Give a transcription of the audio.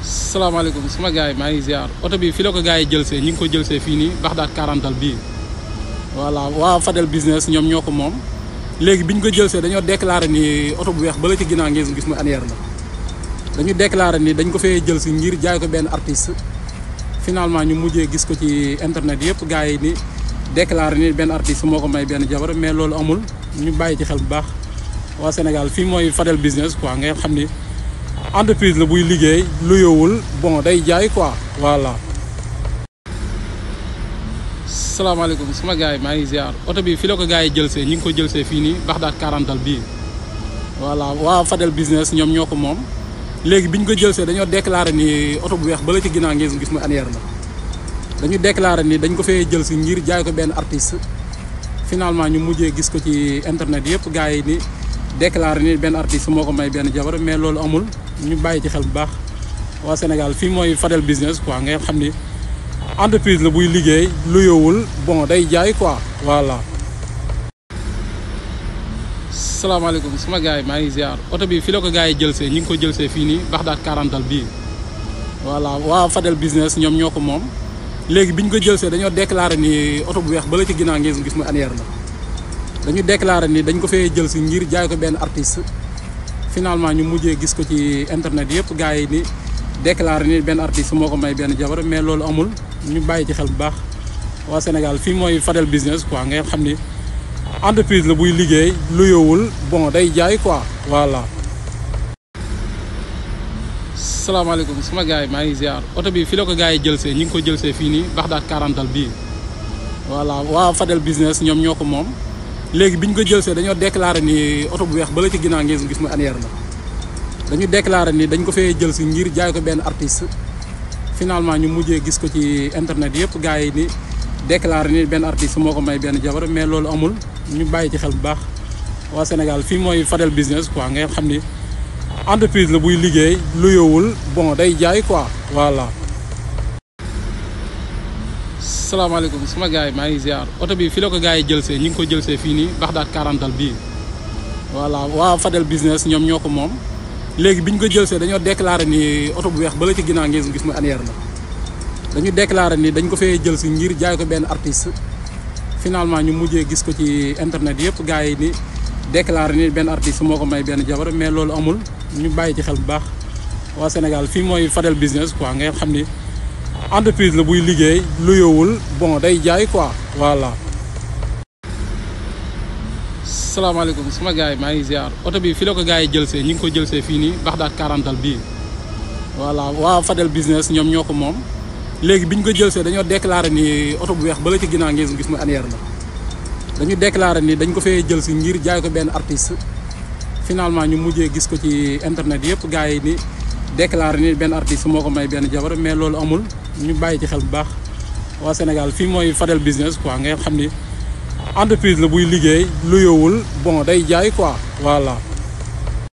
salaamaaleykum sama gars yi maa ngi ziar oto bi fi la ko gars yi jël see ñi ngi ko jël see fii nii Baxdaat quarantal bii voilà waaw Fadel business ñoom ñoo ko moom léegi bi ñu ko jël see dañoo déclaré ni oto bu weex bala ci ginnaaw ngeen gis mu annière la dañu déclaré nii dañ ko fee jël si ngir jaay ko benn artiste finalement ñu mujjee gis ko ci internet yëpp gars yi ni déclaré ni benn artiste moo ko may benn jabar mais loolu amul ñu bàyyi ci xel bu baax waa Sénégal fii mooy Fadel business quoi ngay xam ni. entreprise la buy liggéey lu yowul bon day jaay quoi voilà. salaamaaleykum sama gars yi maa ngi ziar oto bi fi la ko gars yi jël see ñi ngi ko jël see fii nii Baxdaat Quarantal bii voilà waa Fadel business ñoom ñoo ko moom léegi bi ñu ko jël see dañoo déclaré ni oto bu weex bala ci ginnaaw ngeen gis mu annuaire la dañu déclaré nii dañ ko fee jël si ngir jaay ko benn artiste finalement ñu mujjee gis ko ci internet yëpp gars yi ni déclaré nii benn artiste moo ko may benn jabar mais loolu amul ñu bàyyi ci xel bu baax waa Sénégal fii mooy Fadel business quoi nga xam ni entreprise la buy liggéey lu yowul bon day jaay quoi voilà. salaamaaleykum sama gars yi maa ngi ziar oto bi fii la ko gars yi jël see ñi ngi ko jël see fii nii Baxdaat quarantal bii voilà waa Fadel business ñoom ñoo ko moom léegi bi ñu ko jël see dañoo déclaré ni oto bu weex bala ci ginnaa ngeen gis mu annuaire la. dañu déclaré nii dañ ko fee jël si ngir jaay ko benn artiste finalement ñu mujjee gis ko ci internet yëpp gars yi ni déclaré ni benn artiste moo ko may benn jabar mais loolu amul ñu bàyyi ci xel bu baax waa Sénégal fii mooy Fadel business quoi ngeen xam ni entreprise la buy liggéey lu yowul bon day jaay quoi voilà. salaamaaleykum suma gars yi maa ngi ziar oto bi fi la ko gars yi jël see ñi ngi ko jël see fii nii daat quarantal bii voilà waa Fadel business ñoom ñoo ko moom. léegi bi ñu ko jël see dañoo déclaré ni oto bu weex bala ci ginnaaw ngeen gis mu annuaire la dañu déclaré nii dañ ko fee jël si ngir jaay ko benn artiste finalement ñu mujjee gis ko ci internet yëpp gars yi ni déclare ni benn artiste moo ko may benn jabar mais loolu amul ñu bàyyi ci xel bu baax waa Sénégal fii mooy Fadel business quoi nga xam ni entreprise la buy liggéey lu yowul bon day jaay quoi voilà. salaamaaleykum suma gars yi maa ngi ziar oto bi fi la ko gars yi jëlsee ñi ngi ko jëlsee fii nii Baxdaat quarantal bii voilà waa Fadel business ñoom ñoo ko moom léegi bi ñu ko jëlsee dañoo déclaré ni oto bu weex ba la ci ginnaaw ngeen gis mu annière la dañu déclaré nii dañ ko fee jël si ngir jaay ko benn artiste finalement ñu mujjee gis ko ci internet yëpp gars yi ni déclaré ni benn artiste moo ko may benn jabar mais loolu amul ñu bàyyi ci xel bu baax waa Sénégal fii mooy Fadel business quoi nga xam ni entreprise la buy liggéey lu yowul bon day jaay quoi voilà. salaamaaleykum sama gars yi maa ngi ziar oto bi fi la ko gars yi jël see ñi ngi ko jël see fii nii Baxdaat quarantal bii voilà waa Fadel business ñoom ñoo ko moom léegi bi ñu ko jël see dañoo déclaré ni oto bu weex bala ci ginnaaw ngeen gis mu annuaire la dañu déclaré nii dañ ko fee jël si ngir jaay ko benn artiste finalement ñu mujjee gis ko ci internet yëpp gars yi ni déclaré ni benn artiste moo ko may benn jabar mais loolu amul ñu bàyyi ci xel bu baax waa Sénégal fii mooy Fadel business quoi nga xam ni entreprise la buy liggéey lu yowul bon day jaay quoi voilà.